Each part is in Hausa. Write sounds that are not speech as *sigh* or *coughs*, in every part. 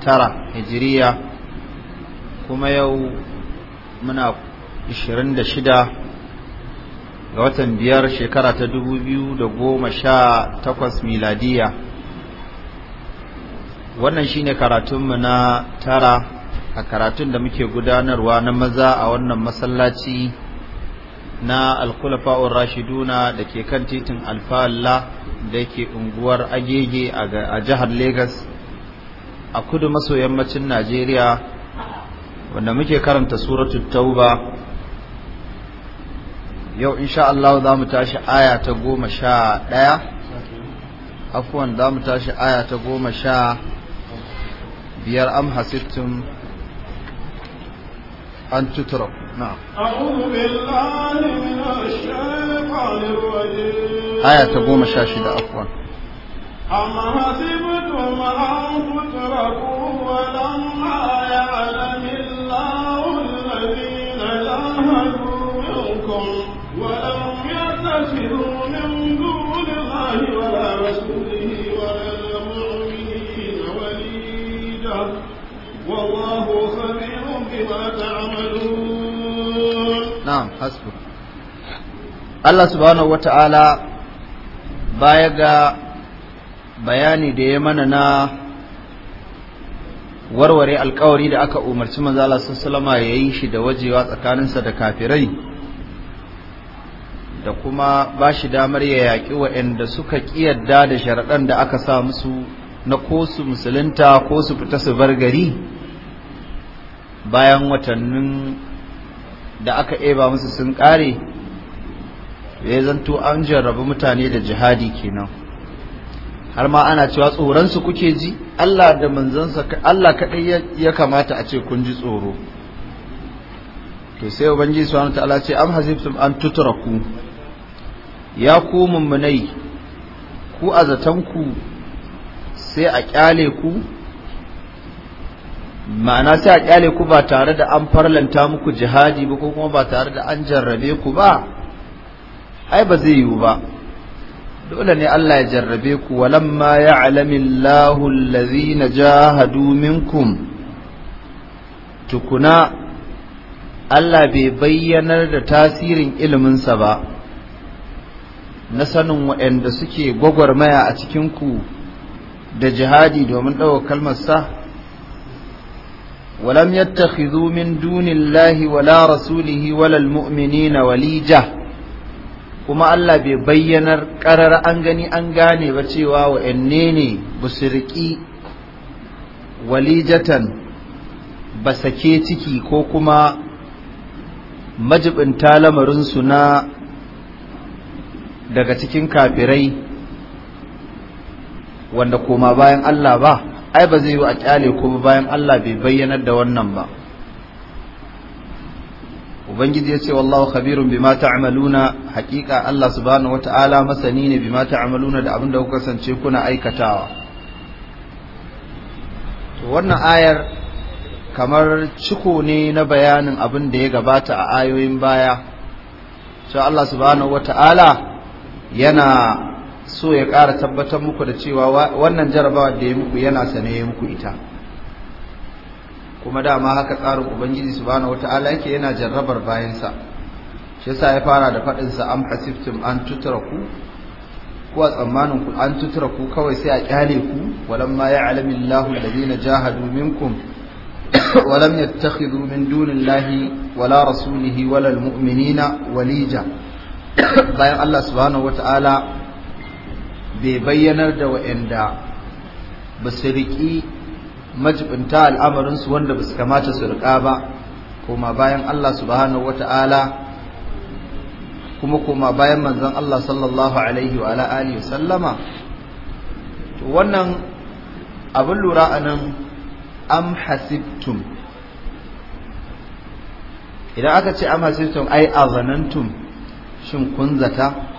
tara hijiriya kuma yau muna 26 ga watan biyar shekara ta dubu biyu da goma sha takwas miladiya wannan shine karatunmu na tara a karatun da muke gudanarwa na maza a wannan masallaci na alkulafa'ur rashiduna da ke kan titin alfa'alla da ke unguwar agege a jihar Legas a kudu maso yammacin najeriya wanda muke karanta suratul tauba yau insha Allah za mu tashi aya ta goma sha ɗaya afuwan za mu tashi aya ta goma sha biyar amha sittin. أن تترك نعم أعوذ بالله من الشيطان الرجيم آية أبو شاشدة عفوا أما حسبتم أن تتركوا ولما يعلم الله الذين جاهدوا منكم ولم يتخذوا من دون الله ولا رسوله ولا المؤمنين وليدا والله Allah تعملون نعم حسبك baya ga bayani da ya mana na warware alkawari da aka umarci manzala sallama ya yi shi da wajewa tsakaninsa da kafirai da kuma ba shi damar ya yaƙi waɗanda suka kiyarda da sharaɗan da aka sa musu na ko su musulunta ko su fita su bar gari bayan watannin da aka eba musu sun kare ya zanto an jarrabi mutane da jihadi kenan har ma ana cewa tsoronsu kuke ji Allah da manzansa Allah kaɗai ya kamata a ce kun ji tsoro to sai ubangiji subhanahu ta'ala ce am hazibtum an tutraku ya ku mummunai ku a ku sai a kyale ku ma'ana sai a kyale ku ba tare da an farlanta muku jihadi ba ko kuma ba tare da an jarrabe ku ba ai ba zai yiwu ba dole ne Allah ya jarrabe ku walamma ya'lamu Allahu allazina jahadu minkum tukuna Allah bai bayyanar da tasirin iliminsa ba na sanin waɗanda suke gwagwarmaya a cikin ku da jihadi domin ɗaukar kalmar sa ولم يتخذوا من دون الله ولا رسوله ولا المؤمنين kuma Allah bai bayyanar ƙarar an gani an gane ba cewa wa'anne ne busirki walijatan ba sake ciki ko kuma majibinta lamarinsu na daga cikin kafirai wanda koma bayan Allah ba ai ba zai yi a kyale ko bayan Allah bai bayyanar da wannan ba ubangiji ya ce wallahu khabirun bima ta'maluna haqiqa Allah subhanahu wata'ala masani ne bima ta'maluna da abin da kuka kasance kuna aikatawa to wannan ayar kamar ciko ne na bayanin abin da ya gabata a ayoyin baya sai Allah subhanahu wata'ala yana so ya ƙara tabbatar muku da cewa wannan jarabawa da ya muku yana sane ya muku ita kuma dama haka tsarin ubangiji wata ala yake yana jarrabar bayansa shi sa ya fara da faɗinsa an fasiftin an tutura ku a tsammanin ku an ku kawai sai a kyale ku walamma ya'lamu Allahu alladhina jahadu minkum *coughs* ta يتخذوا min dunin lahi wala rasulihi walal muminina walija *coughs* bayan Allah subhanahu ta'ala. bai bayyanar da wa'anda ba su riƙi majibinta al'amarinsu wanda ba su kamata su riƙa ba koma bayan Allah subhanahu wata'ala kuma koma bayan manzan Allah sallallahu alaihi wa alihi sallama to wannan abin lura anan am hasibtum idan aka ce am hasibtum ai azanantum shin kun zata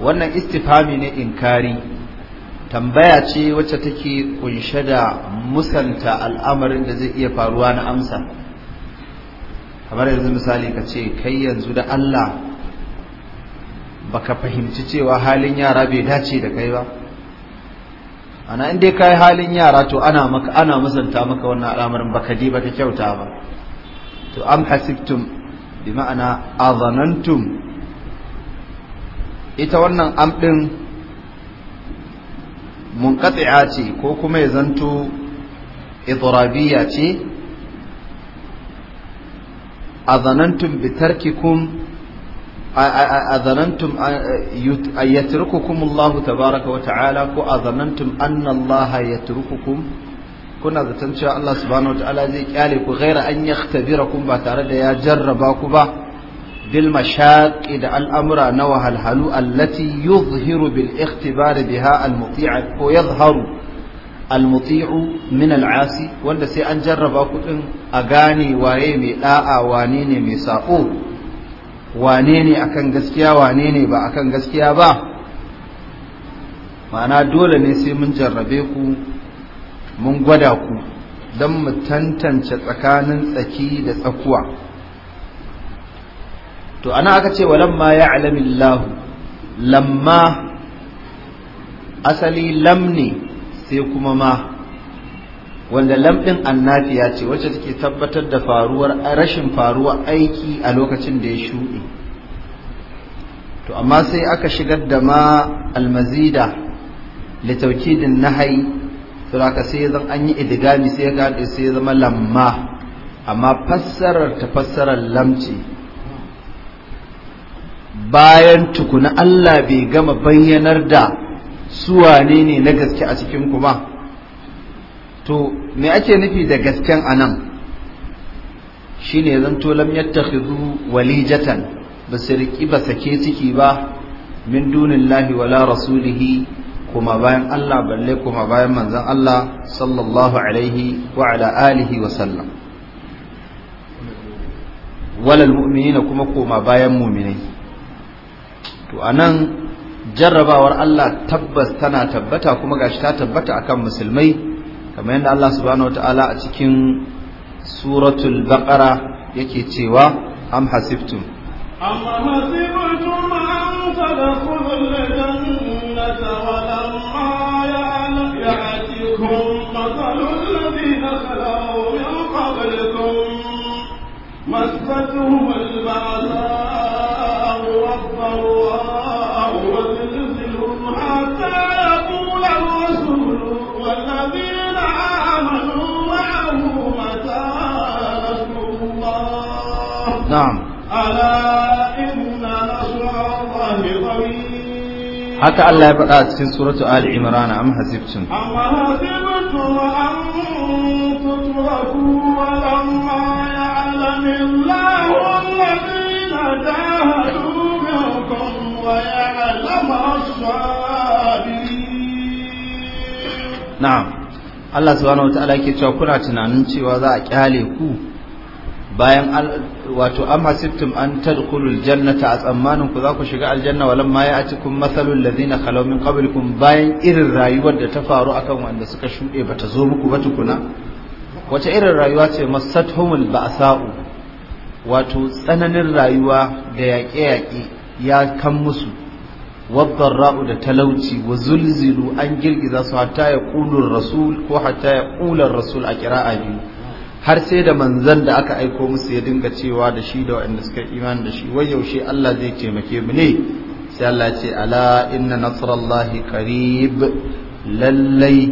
wannan istifami ne inkari tambaya ce wacce take kunshe da musanta al'amarin da zai iya faruwa na amsa kamar yanzu misali ka ce kai yanzu da Allah baka fahimci cewa halin yara bai dace da kai ba ana inda kai halin yara to ana maka ana musanta maka wannan al'amarin baka ji baka kyauta ba to am hasibtum bi ma'ana azanantum ita wannan amɗin munkatsiya ce ko kuma ya zanto ce a zanantun bitarkikun a zanantun a yatirukukumullahu tabaraka wata'ala ko a zanantun annallaha kuna zaton cewa allah subhanahu wata'ala zai kyale ku gaira an ya ba tare da ya jarraba ku ba bil mashaqi da al'amura na wahalhalu allati yuzhiru bil ikhtibar biha al muti'a ko yadhharu min al asi wanda sai an jarraba kuɗin a gane waye mai ɗa'a wane ne mai sako wane ne akan gaskiya wane ne ba akan gaskiya ba ma'ana dole ne sai mun jarrabe ku mun gwada ku don mu tantance tsakanin tsaki da tsakuwa to ana aka ce walamma ya alamillahu lamma asali lam ne sai kuma ma wanda lamɗin ɗin annafiya ce wacce take tabbatar da faruwar rashin faruwar aiki a lokacin da ya shuɗe to amma sai aka shigar da ma almazida taukidin nahai saboda sai zan an yi idigami sai ya gaɗe sai ya zama lamma amma fassarar ta fassarar lamci bayan tukuna Allah bai gama bayyanar da suwane ne na gaske a cikin kuma to me ake nufi da gasken anan shine zanto lam yattakhidhu walijatan ba sake ciki ba min dunillahi wala rasulihi kuma bayan Allah balle kuma bayan manzon Allah sallallahu alaihi wa ala alihi wa sallam walal mu'minina kuma koma bayan mu'minai anan jarrabawar Allah tabbas tana tabbata kuma gashi ta tabbata akan musulmai kamar yadda Allah subhanahu wataala a cikin suratul baqara yake cewa am hasibtum الله وزلزلهم حتى يقول الرسول والذين آمنوا معه متى نصر الله نعم ألا إن نصر الله قريب حتى الله يبقى في سورة آل عمران أم حسبتم أم حسبتم أن تتركوا ولما يعلم الله الذين جاهدوا na'am Allah نعم Allah subhanahu wataala yake cewa kuna tunanin cewa za a kyale ku bayan wato an hasibtum an tadkhulul jannata a tsammanin ku za ku shiga aljanna walamma ya'atikum mathalul ladhina khalaw min qablikum bayan irin rayuwar da ta faru akan wanda suka shude bata zo muku ba tukuna wace irin rayuwa ce masathumul ba'sa'u wato tsananin rayuwa da yaƙe-yaƙe ya kan musu wabbar ra'u da talauci wa zulzilu an girgiza su hatta ya kulun rasul ko hatta ya kulan rasul a kira'a biyu har sai da manzan da aka aiko musu ya dinga cewa da shi da wa'anda suka iman da shi wai yaushe Allah zai taimake mu ne sai Allah ce ala inna nasrallahi qarib lallai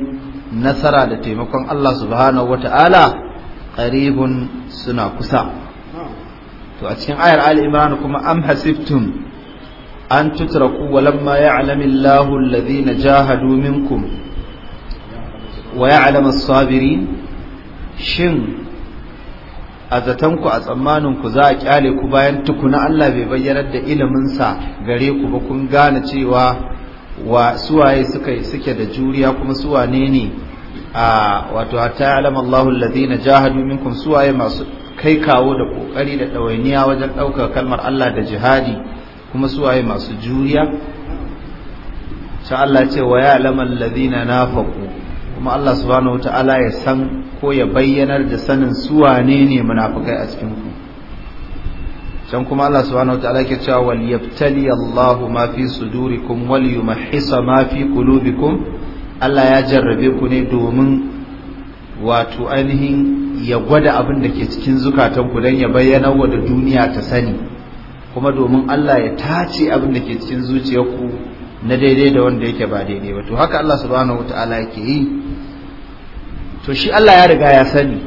nasara da taimakon Allah subhanahu wata'ala qaribun suna kusa to a cikin ayar al imran kuma am hasibtum an tutraku walamma ya'lamu Allahu na jahadu minkum wa ya alama sabirin shin a zatanku a tsammaninku za a kyale ku bayan tukuna Allah bai bayyanar da iliminsa gare ku ba kun gane cewa wa suwaye suka suke da juriya kuma wane ne a wato hatta ya'lam Allahu na jahadu minkum suwaye masu kai kawo da kokari da ɗawainiya wajen daukar kalmar Allah da jihadi kuma su waye masu juriya sha Allah ce wa ya ya'lamu alladhina nafaqu kuma Allah subhanahu ta'ala ya san ko ya bayyanar da sanin su wane ne munafikai a cikin ku can kuma Allah subhanahu ta'ala ke cewa wal yabtali Allahu ma fi sudurikum wal yumahhisa ma fi qulubikum Allah ya jarrabe ku ne domin wato ainihin ya gwada abin da ke cikin zukatanku don ya bayyana wa da duniya ta sani kuma domin Allah ya tace abin da ke cikin zuciyarku na daidai da wanda yake ba daidai ba to haka Allah subhanahu wataala yake yi to shi Allah ya riga ya sani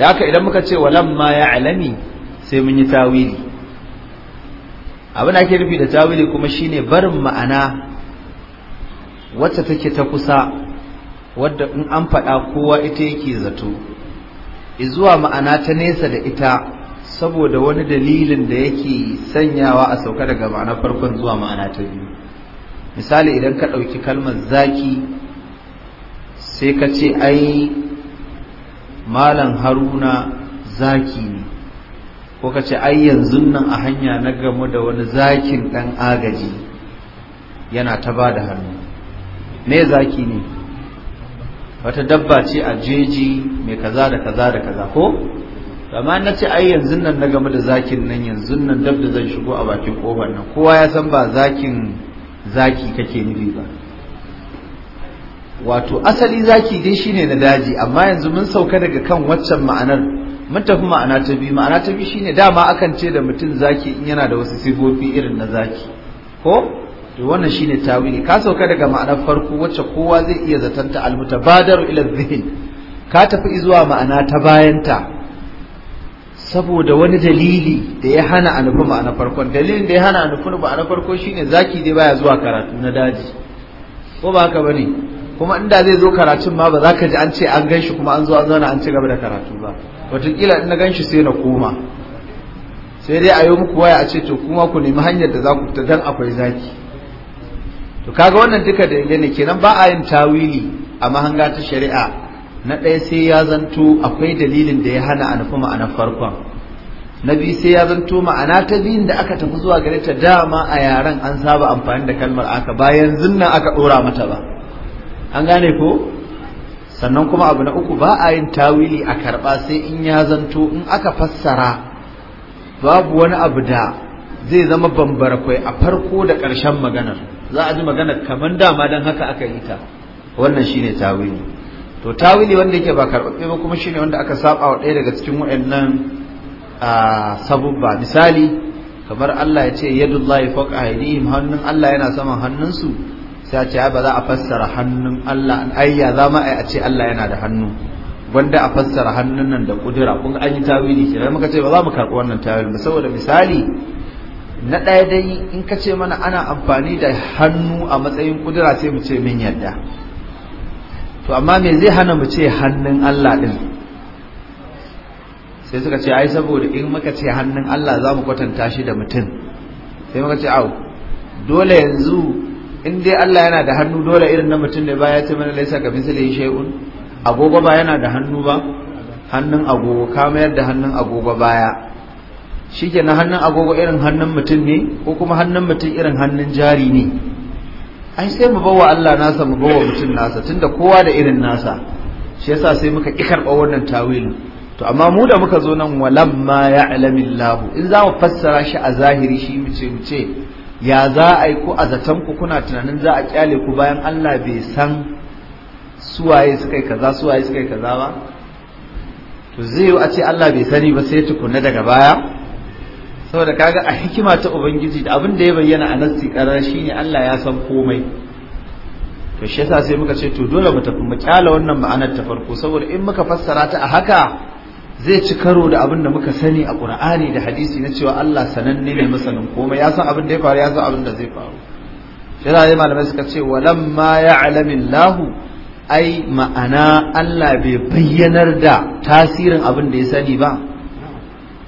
da haka idan muka ce walam ma ya alami sai mun yi tawili abin da ake nufi da tawili kuma shine barin ma'ana wacce take ta kusa wadda in an faɗa kowa ita yake zato izuwa ma'ana ta nesa da ita saboda wani dalilin da yake sanyawa a sauka daga ma'ana farkon zuwa ma'ana ta biyu misali idan ka ɗauki kalmar zaki sai ka ce ai malam haruna zaki ne ko ka ce ai yanzu nan a hanya na gamu da wani zakin ɗan agaji yana ta ba da hannu me zaki ne wata dabba ce a jeji mai kaza da kaza da kaza ko amma na ce ai yanzu nan na game da zakin nan yanzu nan dab da zan shigo a bakin kofar nan kowa ya san ba zakin zaki kake nufi ba wato asali zaki dai shine na daji amma yanzu mun sauka daga kan waccan ma'anar mun tafi ma'ana ta biyu ma'ana ta biyu shine dama akan ce da mutum zaki in yana da wasu sifofi irin na zaki ko to wannan shine tawili ka sauka daga ma'anar farko wacce kowa zai iya zatanta almutabadaru ila zihin ka tafi zuwa ma'ana ta bayanta saboda wani dalili da ya hana a nufi ma'ana farkon dalilin da ya hana a nufi ma'ana farko ne zaki dai baya zuwa karatu na daji ko ba haka bane kuma inda zai zo karatun ma ba za ka ji an ce an ganshi kuma an zo an zauna an ci gaba da karatu ba wataƙila in na ganshi sai na koma sai dai a yi muku waya a ce to kuma ku nemi hanyar da za ku fita dan akwai zaki to kaga wannan duka da ne kenan ba a yin tawili a mahanga ta shari'a na ɗaya sai ya zanto akwai dalilin da ya hana a nufi ma'anar farkon na biyu sai ya zanto ma'ana ta biyun da aka tafi zuwa gare ta dama a yaren an saba amfani da kalmar aka bayan zinna aka ɗora mata ba an gane ko sannan kuma abu na uku ba a yin tawili a karɓa sai in ya zanto in aka fassara babu wani abu da zai zama bambarakwai a farko da ƙarshen maganar za a ji maganar kamar dama don haka aka yi ta wannan shine tawili to tawili wanda yake ba karɓaɓɓe ba kuma shine wanda aka saba wa ɗaya daga cikin waɗannan sabubba misali kamar Allah ya ce yadullahi fawqa aydihim hannun Allah yana saman hannunsu sai a ce ba za a fassara hannun Allah an ayya zama ai a ce Allah yana da hannu wanda a fassara hannun nan da kudura kun an yi tawili kenan muka ce ba za mu karɓi wannan tawili ba saboda misali na ɗaya dai in ka ce mana ana amfani da hannu a matsayin kudura sai mu ce min yadda to amma me zai hana mu ce hannun Allah din sai suka ce ai saboda in muka ce hannun Allah za mu kwatanta shi da mutum sai muka ce au dole yanzu in dai Allah yana da hannu dole irin na mutum ne ba ya ce mana laisa ka misali shay'un agogo ba yana da hannu ba hannun agogo ka mayar da hannun agogo baya shikenan hannun agogo irin hannun mutum ne ko kuma hannun mutum irin hannun jari ne ai sai mu bawa Allah nasa mu bawa mutum nasa tunda kowa da irin nasa shi yasa sai muka ki karɓa wannan tawilin to amma mu da muka zo nan walamma ya'lamillahu in za mu fassara shi a zahiri shi mu ce mu ce ya za a yi ku a zaton ku kuna tunanin za a kyale ku bayan Allah bai san suwaye suka yi kaza suwaye suka yi kaza ba to zai yi a ce Allah bai sani ba sai tukunna daga baya saboda kaga a hikima ta ubangiji da abin da ya bayyana a nassi karar shine Allah ya san komai to shi yasa sai muka ce to dole mu tafi mu kyala wannan ma'anar ta farko saboda in muka fassara ta a haka zai ci karo da abin da muka sani a Qur'ani da hadisi na cewa Allah sananne ne masanin komai ya san abin da ya faru ya san abin da zai faru shi yasa malamai suka ce walamma lahu? ai ma'ana Allah bai bayyanar da tasirin abin da ya sani ba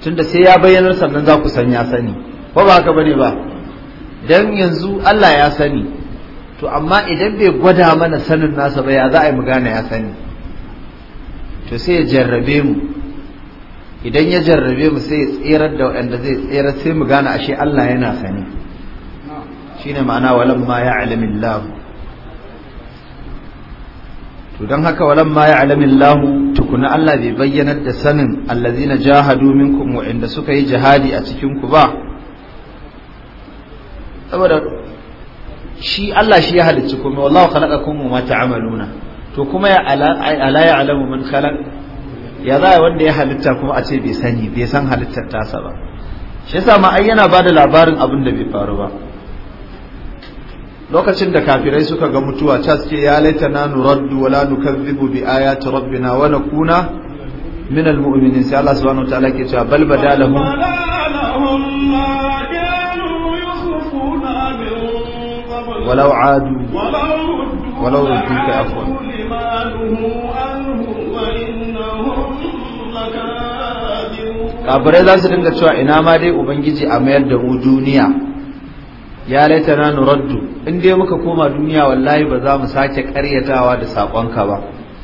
tunda sai ya bayyanar sannan za ku san ya sani ba ba ka bane ba dan yanzu Allah ya sani to amma idan bai gwada mana sanin nasa ba ya za a yi mu gane ya sani to sai ya jarrabe mu idan ya jarrabe mu sai ya tserar da waɗanda zai tsirar sai mu gane ashe Allah yana sani shine ma'ana walamma ya'lamillahu to don haka walan ma ya'lamin lahu tukuna Allah bai bayyanar da sanin allazina jahadu minkum wa'inda suka yi jihadi a cikin ku ba saboda shi Allah shi ya halicci kuma wallahu khalaqakum wa ma amaluna to kuma ya ala alamu man khalaq ya za wanda ya halitta kuma a ce bai sani bai san halittar tasa ba shi yasa ma ayyana ba da labarin abin da bai faru ba lokacin da kafirai suka ga mutuwa ta suke ya laita na nuraddu wala nukazzibu bi ayati rabbina wa nakuna min almu'minin sai Allah subhanahu wa ta'ala ke cewa bal badalahum ولو عادوا ولو ردوك عفوا kafirai za su dinga cewa ina ma dai ubangiji a mayar da mu duniya ya laitana nuraddu in dai muka koma duniya wallahi ba za mu sake karyatawa da sakonka ba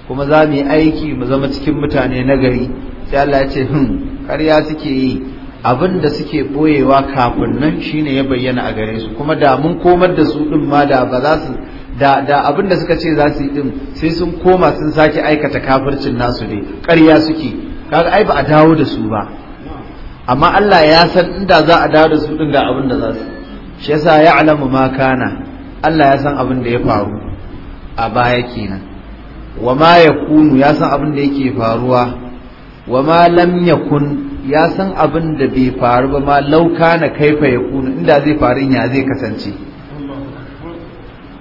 kuma za mu yi aiki mu zama cikin mutane nagari sai Allah ya ce hmm karya suke yi abin da suke boyewa kafin nan shine ya bayyana a gare su kuma da mun komar da su din ma da ba za su da da abin da suka ce za su yi din sai sun koma sun sake aikata kafircin nasu ne karya suke kaga ai ba a dawo da su ba amma Allah ya san inda za a dawo da su din ga abin da za su yi shi yasa alamu ma kana Allah ya san abin da ya faru a baya kenan wa ma yakunu ya san abin da yake faruwa wa ma lam yakun ya san abin da bai faru ba ma lauka na kaifa yakunu inda zai faru ya zai kasance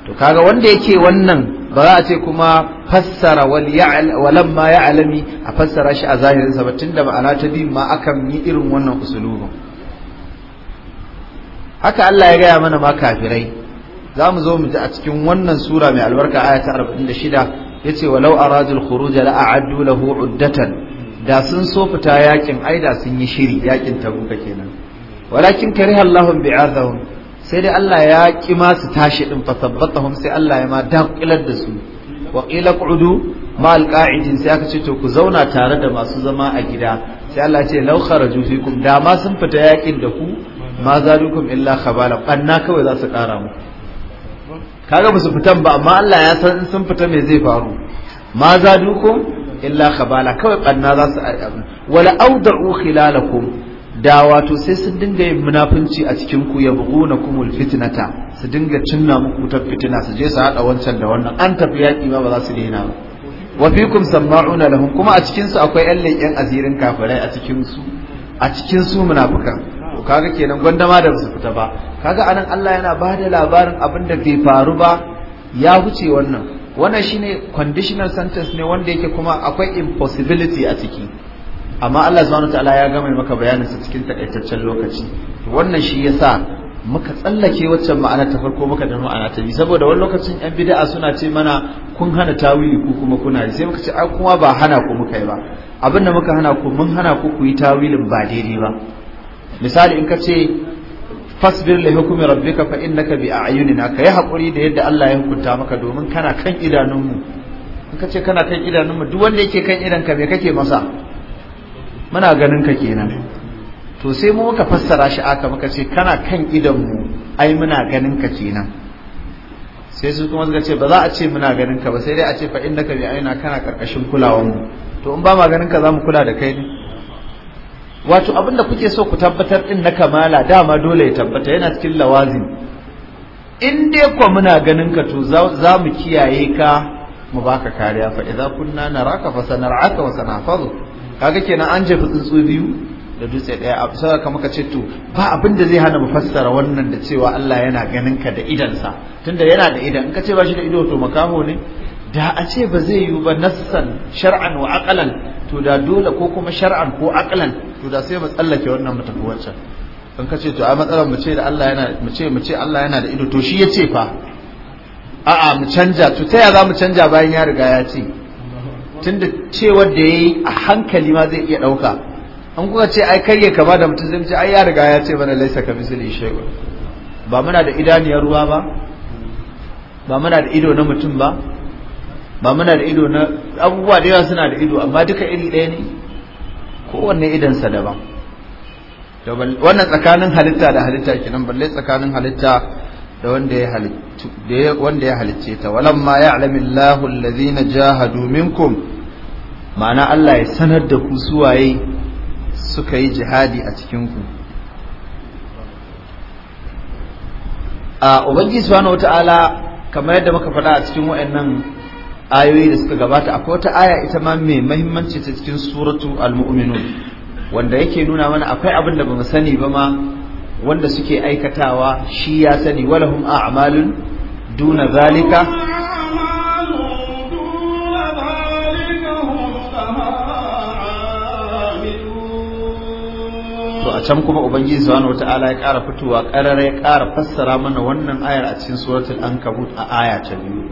to kaga wanda yake wannan ba za a ce kuma fassara walamma ya ya'alami a fassara shi a zahirinsa ba tunda da ma'ana ta din ma akan yi irin wannan usulubin haka Allah ya gaya mana ma kafirai za mu zo mu ji a cikin wannan sura mai albarka aya ta 46 yace walau aradul khuruj la a'addu lahu uddatan da sun so fita yakin ai da sun yi shiri yakin tabuka kenan walakin kariha Allahum bi'azahum sai dai Allah ya ki ma su tashi din fa sabbatahum sai Allah ya ma daqilar da su wa qila qudu ma qaidin sai aka ce to ku zauna tare da masu zama a gida sai Allah ya ce law kharaju fikum da ma sun fita yakin da ku ma dukun illa khabala ƙanna kawai za su kara mu kaga ba su fitan ba amma Allah ya san in sun fita me zai faru ma dukun illa khabala kawai ƙanna za su wala awda'u khilalakum da wato sai su dinga yin munafunci a cikin ku kumul fitnata su dinga cinna muku ta fitina su je su haɗa wancan da wannan an tafi yaki ba ba za su daina ba wa fikum sama'una lahum kuma a cikin su akwai yan leƙen azirin kafirai a cikin su a cikin su munafukan to kaga kenan gwandama da su fita ba kaga anan Allah yana ba da labarin abin da bai faru ba ya huce wannan wannan shine conditional sentence ne wanda yake kuma akwai impossibility a ciki amma Allah subhanahu wataala ya gama maka bayanin sa cikin takaitaccen lokaci wannan shi yasa muka tsallake waccan ma'ana ta farko muka da ma'ana ta biyu saboda wani lokacin yan bid'a suna ce mana kun hana tawili ku kuma kuna sai muka ce ai kuma ba hana ku muka yi ba abinda muka hana ku mun hana ku ku yi tawilin ba daidai ba misali in ka ce fasbir li hukmi rabbika fa innaka bi a'yunina ka yi hakuri da yadda Allah ya hukunta maka domin kana kan idanunmu in ka ce kana kan idanunmu duk wanda yake kan idan ka me kake masa muna ganin ka kenan to sai mu muka fassara shi aka muka ce kana kan idanmu ai muna ganin ka kenan sai su kuma suka ce ba za a ce muna ganin ka ba sai dai a ce fa innaka bi a'yunina kana karkashin kulawanmu to in ba ma ganin ka za mu kula da kai ne wato abin da kuke so ku tabbatar din na kamala dama dole ya tabbata yana cikin lawazin in dai kuwa muna ganin ka to za mu kiyaye ka mu baka kariya fa idza kunna naraka fa sanar'aka wa sanahfazu kaga kenan an jefa tsuntsu biyu da dutse daya a bisa ka muka ce to ba abin da zai hana mu fassara wannan da cewa Allah yana ganin ka da sa. tunda yana da idan in ka ce ba shi da ido to makaho ne da a ce ba zai yiwu ba nassan shar'an wa aqlan to da dole ko kuma shar'an ko aqlan to da sai mu tsallake wannan mu tafi wancan ka ce to a matsalar mu ce da Allah yana mu ce mu ce Allah yana da ido to shi ya ce fa a'a mu canja to ta ya za mu canja bayan ya riga ya ce tunda cewar da yayi a hankali ma zai iya dauka an kuka ce ai kai kama da mutum zai ce ai ya riga ya ce bana laisa ka misali shego ba muna da idaniyar ruwa ba ba muna da ido na mutum ba ba muna da ido na abubuwa da yawa suna da ido amma duka iri ɗaya ne kowanne idansa daban wannan tsakanin halitta da halitta kenan balle tsakanin halitta da wanda ya halitta da wanda ya halicce ta ma ya'lamu Allahu allazina jahadu minkum ma'ana Allah ya sanar da ku suwaye suka yi jihadi a cikin ku a ubangiji subhanahu wataala kamar yadda muka faɗa a cikin wayannan ayoyi da suka gabata akwai wata aya ita ma mai mahimmanci ta cikin suratu al-mu'minun wanda yake nuna mana akwai abin da bamu sani ba ma wanda suke aikatawa shi ya sani walahum a'malun duna zalika to a can kuma ubangiji subhanahu wata'ala ya kara fitowa ƙarar ya kara fassara mana wannan ayar a cikin suratul ankabut a aya ta biyu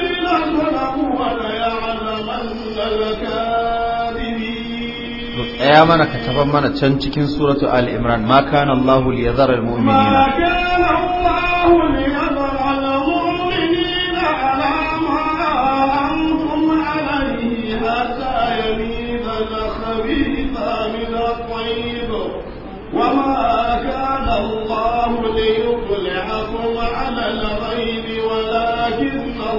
ظلموا وليعلمن الكاذبين يا من كتب من can cikin suratu al imran ma kana allah li yadhara al mu'minina ma kana allah li yadhara al mu'minina ala ma antum alayhi hatta yamiza al khabitha min al tayyib wa ma kana allah li yudli'akum ala al ghaib walakin To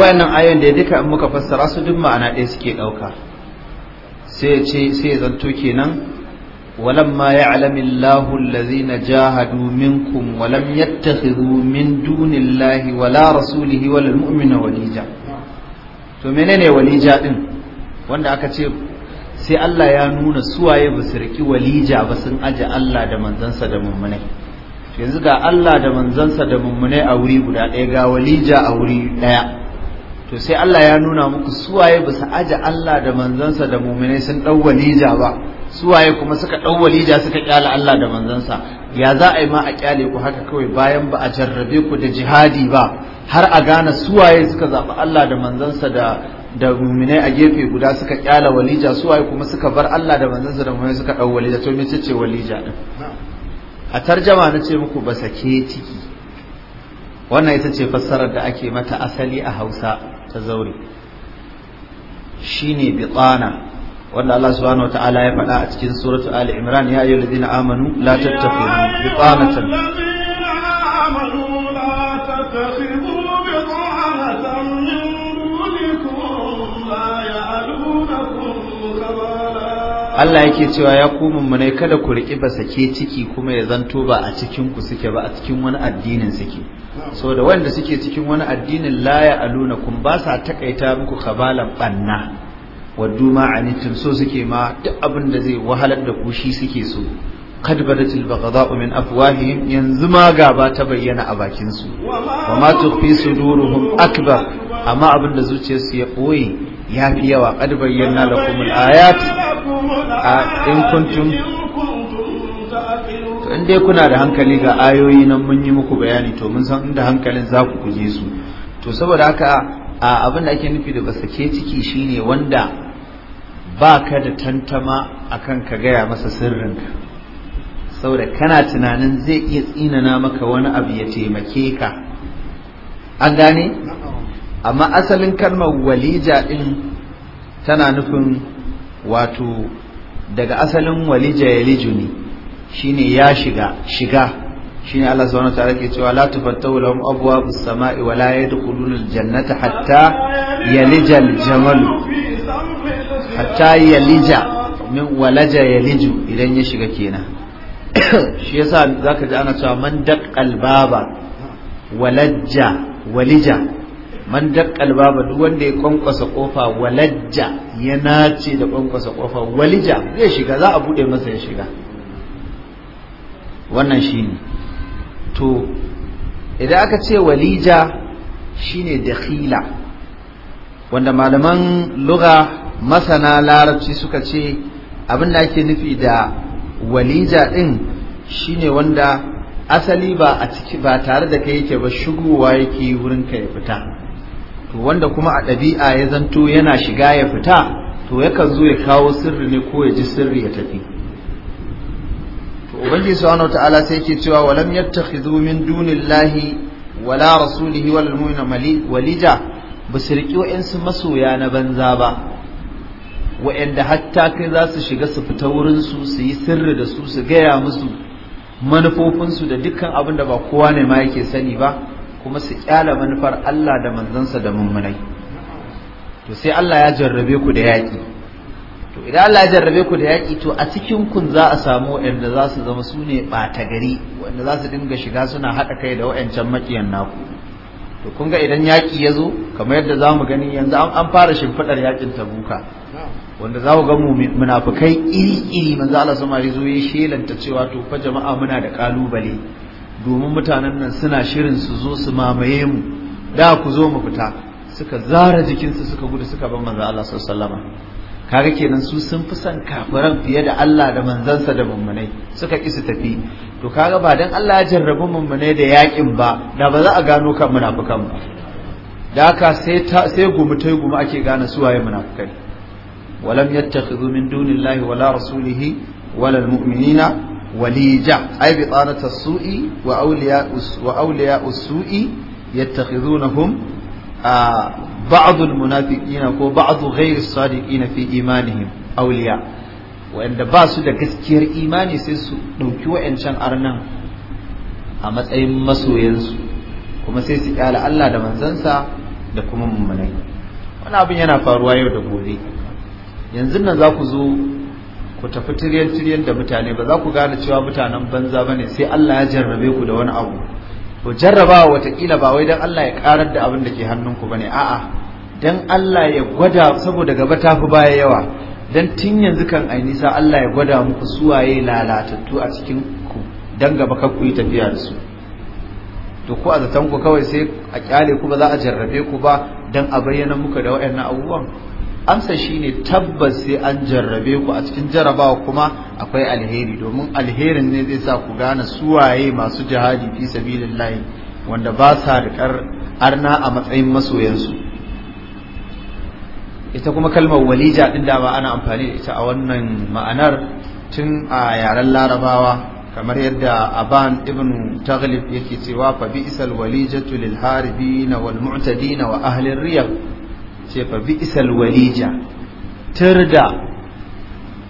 wayannan da ya duka muka fassara su duk ma'ana ɗaya suke ɗauka sai ce sai ya zanto kenan walam ma ya alamin lahun jahadu minkum walam yadda min dunillahi wala rasulihi wala mu'mina walija to menene walija ɗin wanda aka ce sai Allah ya nuna suwaye ba su riki walija ba sun aje Allah da manzansa da mummunai yanzu ga Allah da manzansa da mummunai a wuri guda ɗaya ga walija a wuri ɗaya to sai Allah ya nuna muku suwaye ba su aje Allah da manzansa da mummunai sun ɗau walija ba suwaye kuma suka ɗau walija suka ƙyale Allah da manzansa ya za a yi ma a kyale ku haka kawai bayan ba a jarrabe ku da jihadi ba har a gane suwaye suka zaɓi Allah da manzansa da da muminai a gefe guda suka kyala walija suwaye kuma suka bar Allah da manzansa da muminai suka dau walija to mece ce walija din a tarjama na ce muku ba ciki wannan ita ce fassarar da ake mata asali a Hausa ta zaure shine bitana wanda Allah subhanahu wataala ya faɗa a cikin suratu Ali Imran ya ayyuhal ladina amanu la tattakhidhu bitanatan la tattakhidhu Allah yake cewa ya ku munai kada ku riƙe ba sake ciki kuma ya zanto ba a cikin ku suke ba a cikin wani addinin suke saboda wanda suke cikin wani addinin la ya aluna kun ba sa takaita muku kabalan banna waddu ma anitum so suke ma duk abin da zai wahalar da ku shi suke so yanzu ma قد ta bayyana a bakin su wa ma أباكنسو suduruhum akbar amma abin da zuciyarsu ya ɓoye. ya fi yawa qad bayyana lakum ayat a in kuntum to in dai kuna da hankali ga ayoyi nan mun yi muku bayani to mun san inda hankalin za ku kuje su to saboda haka abin da ake nufi da basake ciki shine wanda ba ka da tantama akan ka gaya masa sirrinka saboda kana tunanin zai iya tsinana maka wani abu ya taimake ka an gane amma asalin kalmar walija din tana nufin wato daga asalin walija ya lijuni shine ya shiga shiga shine Allah sauran wa ta'ala ke cewa latu tufattahu lahum abwabu samai wa la yadkhuluna al-jannata hatta yalija al-jamal hatta yalija min walaja yaliju idan ya shiga kenan *coughs* shi yasa zaka ji ana cewa man daqqal baba walajja walija man dakkal baba duk wanda ya kwankwasa kofa walajja ya nace da kwankwasa kofa walija zai shiga za a bude masa ya shiga wannan shi ne. to idan aka ce walija shine dakhila wanda malaman lugha masana larabci suka ce abin da ake nufi da walija din shine wanda asali ba a ciki ba tare da kai yake ba shigowa yake wurin ka ya fita to wanda kuma a ɗabi'a ya zanto yana shiga ya fita to yakan zo ya kawo sirri ne ko ya ji sirri ya tafi to ubangiji subhanahu ta'ala sai yake cewa walam yattakhidhu min dunillahi wala rasulihi wal mu'minin walija basirki wa'ansu masoya na banza ba wa'anda hatta kai za su shiga su fita wurin su su yi sirri da su su gaya musu manufofinsu da dukkan abin da ba kowa ne ma yake sani ba kuma su kyala manufar Allah da manzansa da mummunai to sai Allah ya jarrabe ku da yaƙi to idan Allah ya jarrabe ku da yaƙi to a cikin kun za a samu waɗanda za su zama su ne ɓata gari waɗanda za su dinga shiga suna haɗa kai da waɗancan maƙiyan naku to kun ga idan yaƙi ya zo kamar yadda za mu gani yanzu an fara shimfiɗar yaƙin tabuka wanda za mu ga munafukai iri-iri manzo Allah sama ya zo ya shelanta cewa to fa jama'a muna da ƙalubale domin mutanen nan suna shirin su zo su mamaye mu da ku zo mu fita suka zara jikinsu suka gudu suka bar manzo Allah sallallahu alaihi kaga kenan su sun fi san kafiran fiye da Allah da manzansa da mummunai suka ki su tafi to kaga ba dan Allah ya jarrabi mummunai da yakin ba da ba za a gano kan munafikan ba da haka sai sai gumu tai gumu ake gane su waye munafukai walam yattakhidhu min dunillahi wala rasulihi wala almu'minina وليجة أي بطانة السوء وأولياء وأولياء السوء يتخذونهم بعض المنافقين وبعض غير الصادقين في إيمانهم أولياء وأن باسو دا كسكير إيماني سيسو نوكيو إنشان أرنا أما تأي مسو ينسو kuma sai su kyala Allah da manzansa da kuma mummunai wani abin yana faruwa yau da gobe yanzu nan za ku zo ku tafi tiryan tiryan da mutane ba za ku gane cewa mutanen banza ba ne sai Allah ya jarrabe ku da wani abu to jarrabawa watakila ba wai dan Allah ya karar da abin da ke hannunku bane a'a dan Allah ya gwada saboda gaba ta fi baya yawa dan tun yanzu kan aini nisa Allah ya gwada muku suwaye lalatattu a cikin ku dan gaba kar ku tafiya da su to ku a zaton ku kawai sai a kyale ku ba za a jarrabe ku ba dan a bayyana muku da waɗannan abubuwan amsa shine tabbas sai an jarrabe ku a cikin jarrabawa kuma akwai alheri domin alherin ne zai sa ku gane suwaye masu jihadi fi sabilillahi wanda ba sa riƙar arna a matsayin masoyansu ita kuma kalmar walija din da ba ana amfani da ita a wannan ma'anar tun a yaren larabawa kamar yadda aban ibn taghlib yake cewa fa isal walijatu lil haribina wal mu'tadina wa ahli riyal ce fa bi isal walija tirda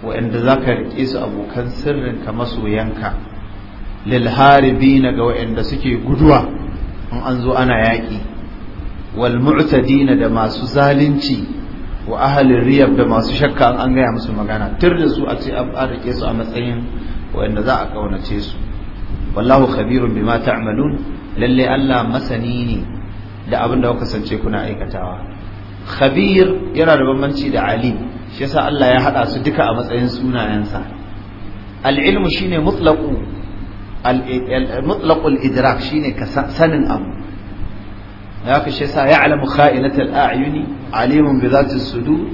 wa'anda zaka rike su abokan sirrin ka masoyanka lil haribina ga wa'anda suke guduwa in an zo ana yaki wal mu'tadina da masu zalunci wa ahalin riyab da masu shakka an gaya musu magana tirda su a ce an rike su a matsayin wanda za a kaunace su wallahu khabirun bima ta'malun lalle Allah masani ne da abin da kuka sance kuna aikatawa khabir yana da bambanci da alim shi yasa Allah ya hada su duka a matsayin sunayensa al-ilmu shine mutlaqu al-mutlaqu al-idrak shine sanin abu haka shi yasa ya'lamu kha'inat al-a'yuni alimun bi dhati sudur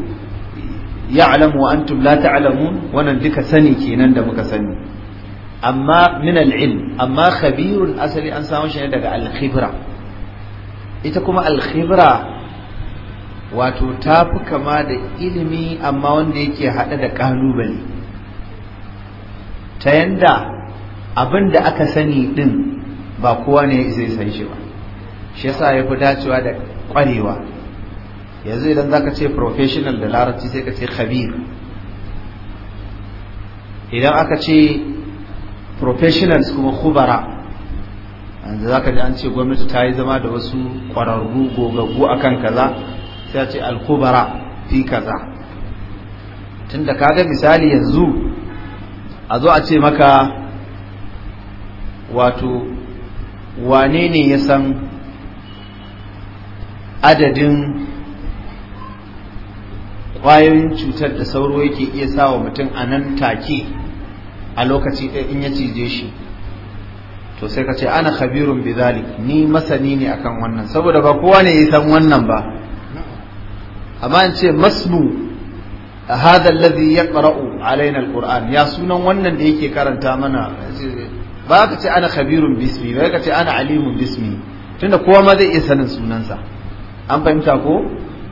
ya'lamu wa antum la ta'lamun wannan duka sani kenan da muka sani amma min al-ilm amma khabirun asali an samu shi daga al-khibra ita kuma al-khibra wato ta fi kama da ilimi amma wanda yake haɗa da ƙalubale ta yanda abin da aka sani ɗin ba kowa ne zai san shi ba shi yasa ya fi dacewa da ƙwarewa yanzu idan za ka ce professional da larabci sai ka ce khabir idan aka ce professionals kuma khubara yanzu za ka ji an ce gwamnati ta yi zama da wasu ƙwararru gogaggu akan kaza sai ce al fi kaza tunda kaga misali yanzu a zo a ce maka wato wane ne ya san adadin ƙwayoyin cutar da sauro yake iya sawa mutum a nan take a lokaci ɗaya in ya cije shi to sai ka ce ana khabirun Bizali ni masani ne akan wannan saboda ba kowa ne ya san wannan ba amma in ce masmu هذا الذي يقرأ علينا القرآن ya sunan wannan da yake karanta mana ba ka ce ana khabirun bismi ba ka ce ana alimun bismi tunda kowa ma zai iya sanin sunansa an fahimta ko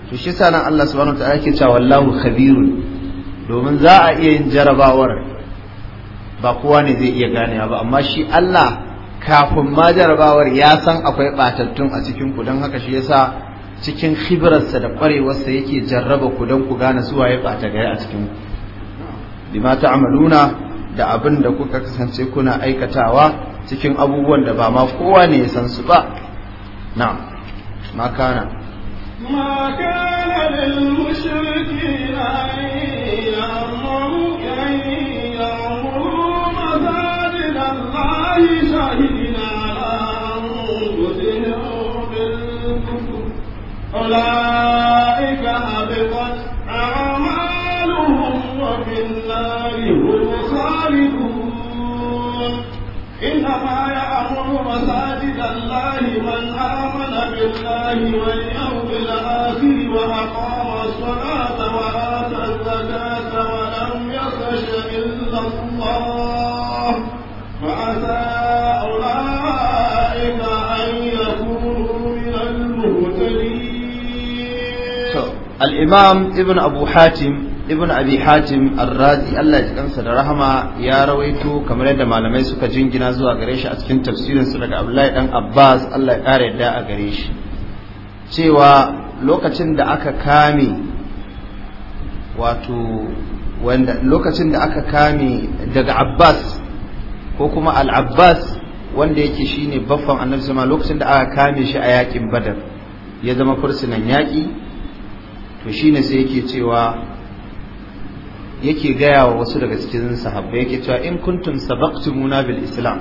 to shi sa nan Allah subhanahu wataala yake cewa wallahu khabirun domin za a iya yin jarabawar ba kowa ne zai iya gane ba amma shi Allah kafin ma jarabawar ya san akwai batattun a cikin ku don haka shi yasa cikin khibirarsa da kwarewarsa yake jarraba ku don ku gane zuwa ya ɓata gari a cikin bima ta amaluna da abin da kuka kasance kuna aikatawa cikin abubuwan da ba ma kowa ne ya san su ba Na. makana أولئك هبطت أعمالهم وفي الله هم خالدون إنما يأمر مساجد الله من آمن بالله واليوم الآخر وأقام الصلاة وآتى al-imam ibn abu hatim ibn abi hatim ar Allah ya kansa da rahama ya rawaito kamar yadda malamai suka jingina zuwa gare shi a cikin tafsirin daga Abdullahi dan Abbas Allah ya kare yadda a gare shi cewa lokacin da aka kame wanda lokacin da aka kame daga Abbas ko kuma al-Abbas wanda yake shine baffan Annabi sallallahu lokacin da aka kame shi a yakin Badar ya zama fursunan yaƙi. to shi ne sai yake cewa yake gaya wa wasu daga cikin sahabba yake cewa in kuntum muna bil islam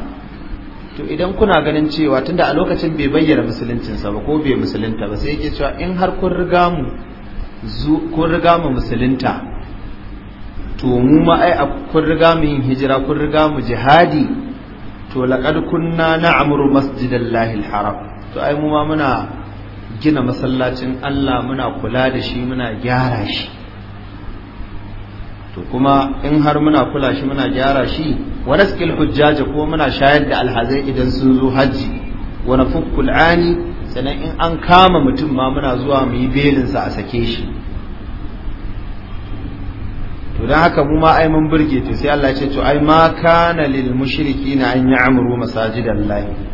to idan kuna ganin cewa tunda a lokacin bai bayyana musuluncinsa ba ko bai musulunta ba sai yake cewa in har kun riga mu kun riga mu musulunta to mu ma ai kun riga mu yin hijira kun riga mu jihadi to laqad kunna na'muru masjidallahi al-haram to ai mu ma muna gina masallacin Allah muna kula da shi muna gyara shi to kuma in har muna kula shi muna gyara shi wa naskil hujjaji ko muna shayar da alhazai idan sun zo hajji wa nafukkul ani sannan in an kama mutum ma muna zuwa mu yi belinsa a sake shi to don haka mu ma ai mun burge to sai Allah ya ce to ai ma kana lil mushrikina an ya'muru lahi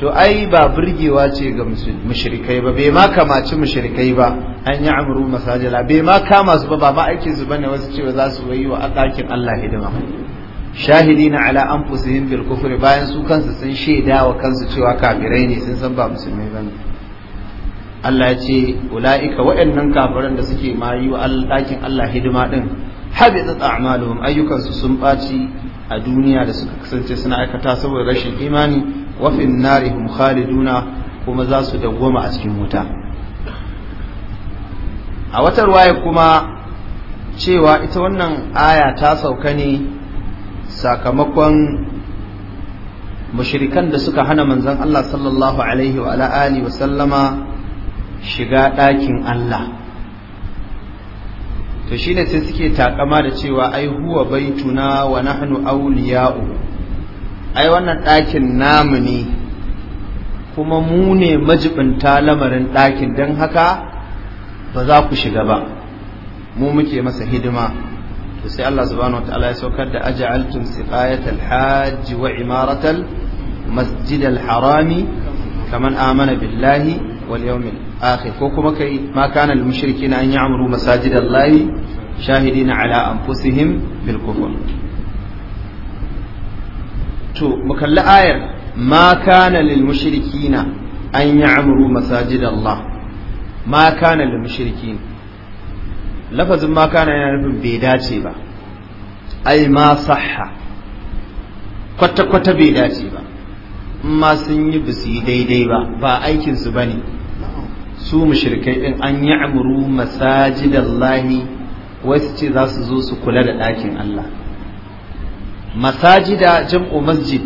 to ai ba burgewa ce ga mushrikai ba bai ma kamaci mushrikai ba an yi amru masajila bai ma kama su ba ba ma aikin su bane wasu cewa za su yi wa ɗakin Allah hidima shahidina ala anfusihim bil kufri bayan su kansu sun shaida wa kansu cewa kafirai ne sun san ba musulmai ba. Allah ya ce ula'ika waɗannan kafiran da suke ma yi wa ɗakin Allah hidima din habitat a'maluhum ayyukansu sun ɓaci a duniya da suka kasance suna aikata saboda rashin imani wa fi nari hum khaliduna kuma za su dawwama a cikin wuta a wata ruwaya kuma cewa ita wannan aya ta sauka ne sakamakon mushirikan da suka hana manzon Allah sallallahu alaihi wa wa sallama shiga ɗakin Allah to shine sai suke takama da cewa ai huwa baituna wa nahnu Auliya'u. ai wannan ɗakin namu ne kuma mu ne majibinta lamarin ɗakin don haka ba za ku shiga ba mu muke masa hidima da sai Allah subhanahu wa ta'ala ya saukar da aj'altum siqayatal hajj wa imaratal masjidal harami kaman amana billahi wal yawmil akhir ko kuma kai ma kana lil mushrikeena an ya'muru masajidallahi shahidina ala anfusihim bil to mu kalli ayar ma kana lil mushrikina an ya'muru masajid Allah ma kana lil mushrikin lafazin ma kana yana nufin bai dace ba ai ma sahha kwata kwata bai dace ba ma sun yi bisi daidai ba ba aikin su bane su mushrikai din an ya'muru masajid Allah wasu ce za su zo su kula da ɗakin Allah masajida jam'u masjid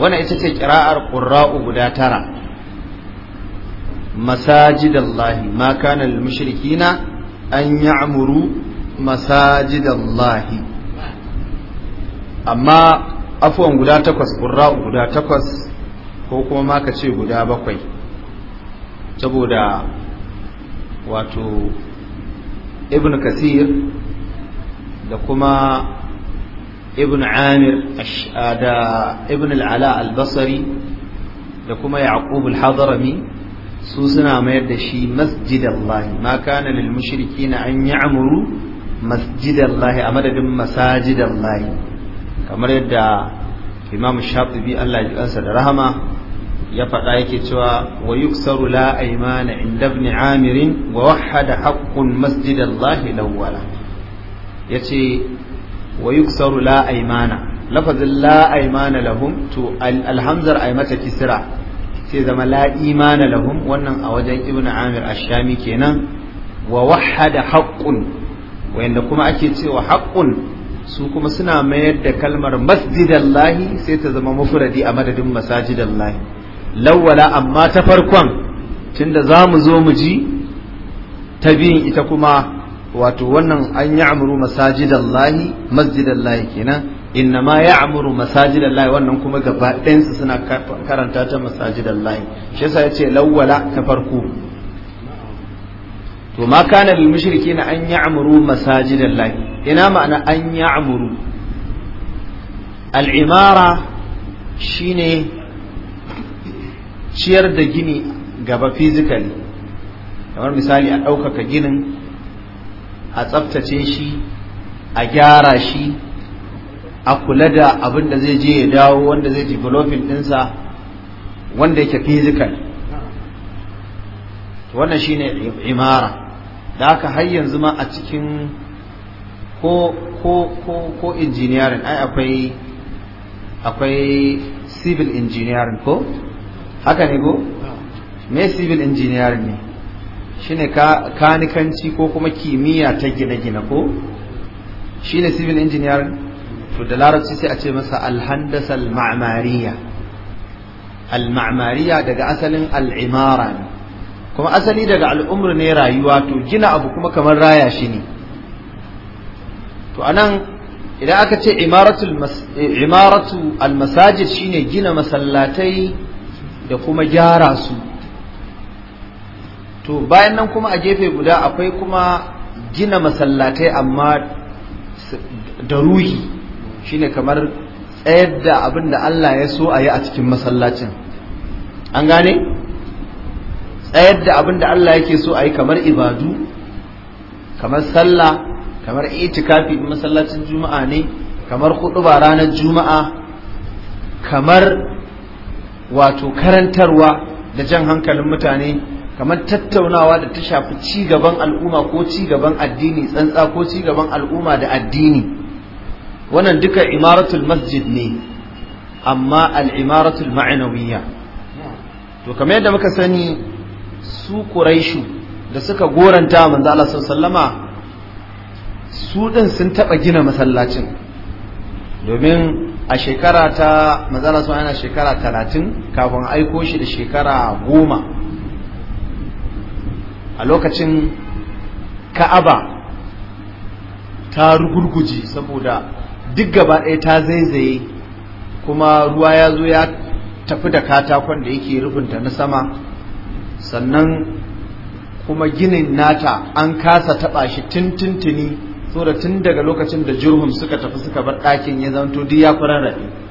wannan ita ce kira'ar qurra'u guda tara masajidallahi ma kana lil mushrikina an ya'muru masajidallahi amma afuwan guda takwas qurra'u guda takwas ko kuma ma ka ce guda bakwai saboda wato ibn kasir da kuma ibn amir uh, da ibn al'ala al-basari da kuma yaqub al su suna mayar da shi masjidallahi ma kana lil mushrikina an ya'muru masjidallahi a madadin lahi. kamar yadda imam shafi'i Allah ya kansa da rahama ya faɗa yake cewa wa yuksaru la aymana inda ibn amir wa wahhada haqqun masjidallahi lawwala yace wa yuksaru la aymana lafazin la aymana lahum to alhamzar ay mata kisra sai zama la imana lahum wannan a wajen ibnu amir ash-shami kenan wa wahada haqqun wanda kuma ake cewa haqqun su kuma suna mayar da kalmar masjidallahi sai ta zama mufradi a madadin masajidallahi Lawala amma ta farkon tunda za mu zo mu ji ta biyun ita kuma wato wannan an lahi masjidan lahi kenan inna ma masajidan lahi wannan kuma gaba ɗayansu suna karanta ta lahi shi yasa ce lawwala ta farko to ma kana lil na an masajidan lahi ina ma'ana an amuru al'imara shine ciyar da gini gaba fizikali kamar misali a ɗaukaka ginin a tsaftace shi a gyara shi a kula da abin da zai je ya dawo wanda zai developing dinsa wanda yake physical wannan shine imara da haka har yanzu ma a cikin ko ko ko ko engineering ai akwai akwai civil engineering ko haka ne ko me civil engineering ne shine kanikanci ko kuma kimiyya ta gine-gine ko shine civil engineer to da larabci sai a ce masa alhandasa al-ma'mariya al-ma'mariya daga asalin al-imara kuma asali daga al'umru ne rayuwa to gina abu kuma kamar raya shi ne to anan idan aka ce imaratu al-masajid shine gina masallatai da kuma gyara su to bayan nan kuma a gefe guda akwai kuma gina masallatai amma da ruhi shine kamar tsayar da abin da Allah ya so a yi a cikin masallacin an gane tsayar da abin da Allah yake so a yi kamar ibadu kamar sallah kamar itikafi masallacin juma'a ne kamar ba ranar juma'a kamar wato karantarwa da jan hankalin mutane kamar tattaunawa da ta shafi ci gaban al'umma ko ci gaban addini tsantsa ko ci gaban al'umma da addini wannan duka imaratul masjid ne amma al'imaratul ma'anawiyya to kamar yadda muka sani su quraishu da suka goranta manzo Allah sallama su din sun taba gina masallacin domin a shekara ta manzo Allah shekara 30 kafin aiko shi da shekara goma a lokacin ka'aba ta rugurguje saboda duk gaba ɗaya ta zaizaye kuma ruwa ya zo ya tafi da katakon da yake rufinta na sama sannan kuma ginin nata an kasa taɓa shi tintintini so da tun daga lokacin da jurhum suka tafi suka bar ɗakin ya zanto duk ya kurarrabe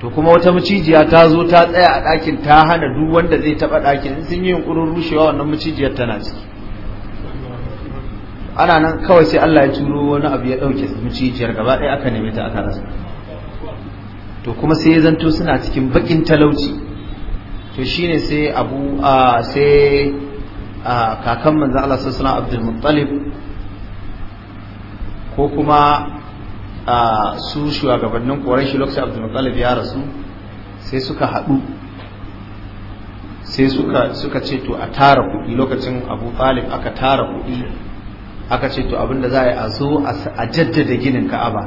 to kuma wata macijiya ta zo ta tsaya a ɗakin ta hana duk wanda zai taɓa ɗakin in sun yi yunƙurin rushewa wannan macijiyar tana ciki ana nan kawai sai Allah ya turo wani abu ya ɗauke macijiyar gaba ɗaya aka neme ta aka rasa to kuma sai ya zanto suna cikin baƙin talauci to shine sai abu a sai kakan manzo Allah sallallahu alaihi wasallam Abdul Muttalib ko kuma a su shugabannin shi lokacin abdulmutalib ya rasu sai suka haɗu sai suka ce to a tara kuɗi lokacin abu talib aka tara kuɗi aka ce to abinda za a yi a zo a jaddada ginin ka'aba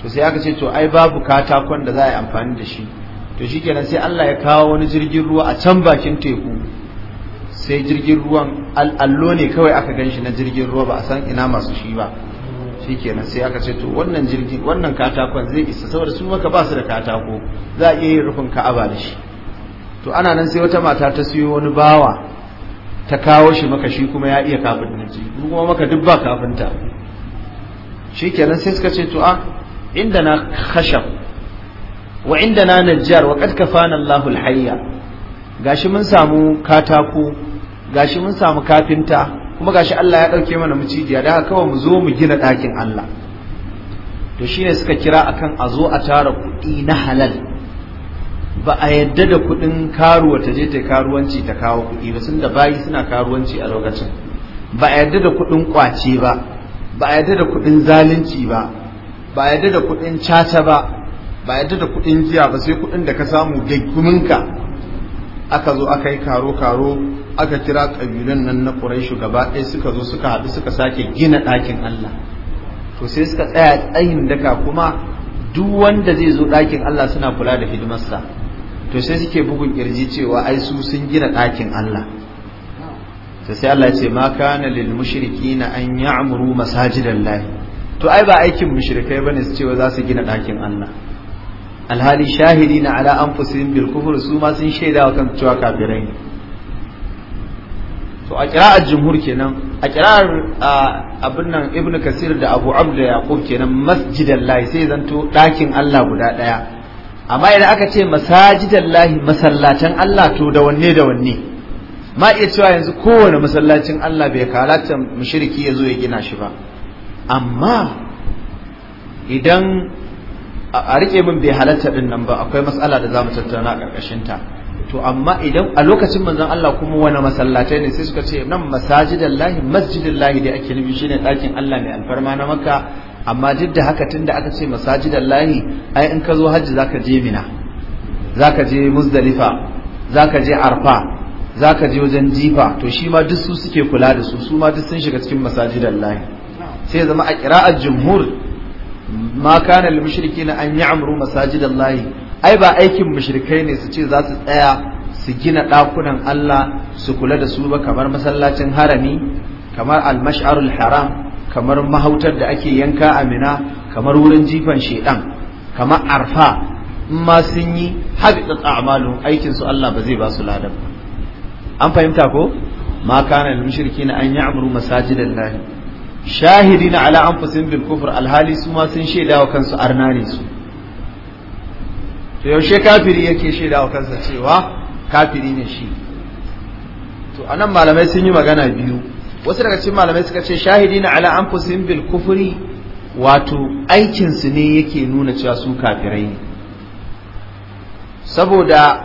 to sai aka ce to ai babu katakon da za a yi amfani da shi to shi kenan sai Allah ya kawo wani jirgin ruwa a can bakin teku sai jirgin ruwan allo ne kawai aka gan shi na jirgin ruwa ba a san ina masu shi ba shikenan sai aka ce to wannan jirgi wannan katakon zai isa saboda su maka ba su da katako za a iya yin rufin ka'aba da shi to ana nan sai wata mata ta siyo wani bawa ta kawo shi maka shi kuma ya iya kafin ji kuma maka duk ba kafinta shikenan sai suka ce to a inda na khashab wa inda na najjar wa kad kafana Allahul hayya gashi mun samu katako gashi mun samu kafinta kuma gashi Allah ya ɗauke mana macijiya da haka kawai mu zo mu gina ɗakin Allah to shine suka kira akan a zo a tara kuɗi na halal ba a yadda da kuɗin karuwa ta je ta karuwanci ta kawo kuɗi ba sun da bayi suna karuwanci a lokacin ba a yadda da kuɗin kwace ba ba a yadda da kuɗin zalunci ba ba a yadda da kuɗin caca ba ba a yadda da kuɗin jiya ba sai kuɗin da ka samu ka aka zo aka yi karo-karo aka kira ƙabilun nan na ƙuraishu gaba ɗaya suka zo suka haɗu suka sake gina ɗakin Allah to sai suka tsaya tsayin daka kuma duk wanda zai zo ɗakin Allah suna kula da hidimarsa to sai suke bugun kirji cewa ai su sun gina ɗakin Allah to sai Allah ya ce ma kana lil mushrikina an ya'muru masajidallahi to ai ba aikin mushrikai bane su cewa za su gina ɗakin Allah alhali shahidi na ala an bil kufr su ma sun shaida wa kan cewa kafirai ne to a kira'ar jumhur kenan a kira'ar abin nan ibn kasir da abu abda yaqub kenan masjidan lahi sai zanto dakin Allah guda daya amma idan aka ce masajidan lahi masallatan Allah to da wanne da wanne ma iya cewa yanzu kowane masallacin Allah bai kalata mushriki ya zo ya gina shi ba amma idan a rike min bai halatta din nan ba akwai matsala da zamu tattauna karkashin ta to amma idan a lokacin manzon Allah kuma wani masallatai ne sai suka ce nan masajidan lahi masajidallahi lahi da ake nufi shine dakin Allah mai alfarma na Makka amma duk da haka tunda aka ce masajidallahi ai in ka zo hajji zaka je Mina zaka je Muzdalifa zaka je Arfa zaka je wajen Jifa to shi ma duk su suke kula da su su ma duk sun shiga cikin lahi sai zama a a jumhur ma kana lil mushrikina an ya'muru masajidallahi ai ba aikin mushrikai ne su ce za su tsaya su gina ɗakunan Allah su kula da su ba kamar masallacin harami kamar almash'arul haram kamar mahautar da ake yanka a kamar wurin jifan shedan kamar arfa in ma sun yi habitat a'malun aikin su Allah ba zai ba su ladan an fahimta ko ma kana lil mushrikina an ya'muru masajidallahi shahidina ala anfusihim bil kufr alhali su ma sun shaida wa kansu arna ne su to yaushe kafiri yake shaida wa kansa cewa kafiri ne shi to anan malamai sun yi magana biyu wasu daga cikin malamai suka ce shahidina ala anfusihim bil kufri wato aikin su ne yake nuna cewa su kafirai ne saboda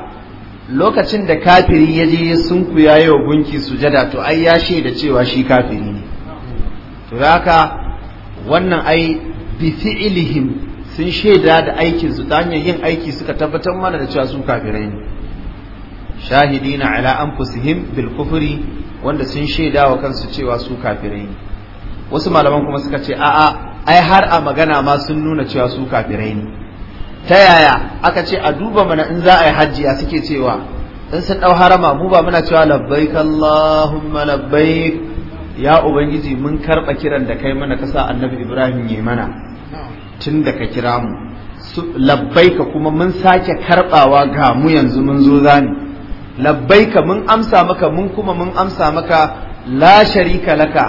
lokacin da kafiri ya je ya sunkuya yau gunki sujada to ai ya shaida cewa shi kafiri ne to wannan ai bi sun shaida da aikin su ta hanyar yin aiki suka tabbatar mana da cewa su kafirai ne shahidina ala anfusihim bil kufri wanda sun shaida wa kansu cewa su kafirai ne wasu malaman kuma suka ce a'a ai har a magana ma sun nuna cewa su kafirai ne ta yaya aka ce a duba mana in za a yi hajji a suke cewa in sun dau harama mu ba muna cewa labbaik allahumma labbaik ya ubangiji mun karɓa kiran da kai mana kasa annabi ibrahim ya mana tun da ka kira mu labbaika kuma mun sake karɓawa ga mu yanzu mun zo zani labbaika mun amsa maka mun kuma mun amsa maka la sharika laka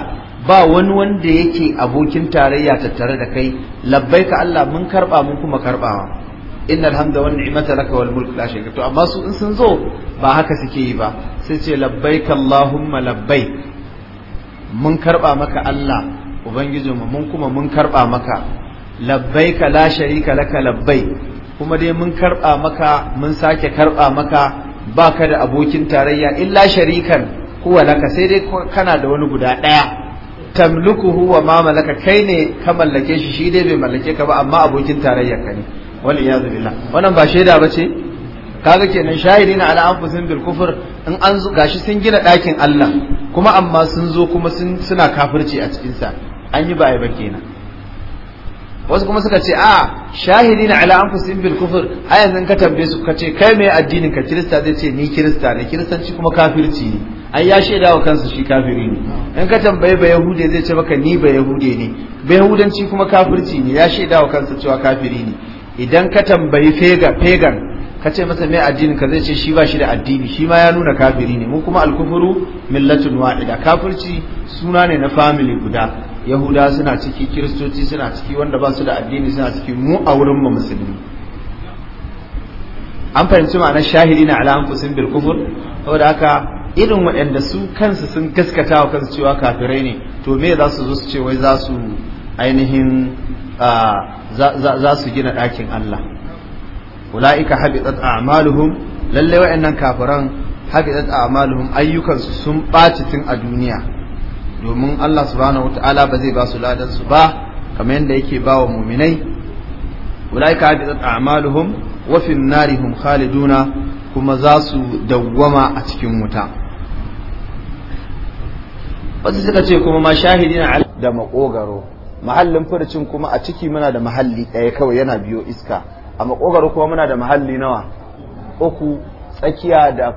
ba wani wanda yake abokin tarayya tattare da kai labbaika Allah mun karba mun kuma karbawa Inna alhamda wa ni'mata laka wal mulk la sharika to amma su in sun zo ba haka suke yi ba sai ce labbaika allahumma labbaik mun karɓa maka Allah mu mun kuma mun karba maka ka la sharika laka labbai kuma dai mun karba maka mun sake karɓa maka baka da abokin tarayya illa sharikan huwa laka sai dai kana da wani guda ɗaya. tamluku wa ma malaka kai ne ka mallake shi shi dai bai mallake ka ba amma abokin tarayyar ka ne wal iyad billah wannan ba shaida bace kaga kenan shahidina ala anfusin bil kufr in an zo gashi sun gina ɗakin Allah kuma amma sun zo kuma suna kafirci a cikinsa an yi ba'ai ba kenan wasu kuma suka ce a shahidi na ala anfusin bil kufur a yanzu ka tambaye su ka ce kai mai addinin ka kirista zai ce ni kirista ne kiristanci kuma kafirci ne an ya shaida wa kansa shi kafiri ne in ka tambaye ba yahude zai ce maka ni ba yahude ne ba yahudanci kuma kafirci ne ya shaida wa kansa cewa kafiri ne idan ka tambayi fegan ka ce masa mai addini ka zai ce shi ba shi da addini shi ma ya nuna kafiri ne mu kuma alkufuru millatun wa'ida kafirci suna ne na famili guda yahuda suna ciki kiristoci suna ciki wanda ba su da addini suna ciki mu a wurin mu musulmi an fahimci ma'ana shahidi na ala kusin bil kufur saboda haka irin waɗanda su kansu sun gaskata wa kansu cewa kafirai ne to me za su zo su ce wai za su ainihin ah, za su gina ɗakin Allah ulaika habitat a'maluhum lalle wayannan kafiran habitat a'maluhum ayyukansu sun ɓaci tun a duniya domin Allah subhanahu wataala ba zai ba su ladan su ba kamar yadda yake ba wa mu'minai ulaika habitat a'maluhum wa fi nari khaliduna kuma za su dawwama a cikin wuta wasu suka ce kuma ma shahidina da makogaro mahallin furcin kuma a ciki muna da mahalli ɗaya kawai yana biyo iska a makogaro kuma muna da mahalli nawa uku tsakiya da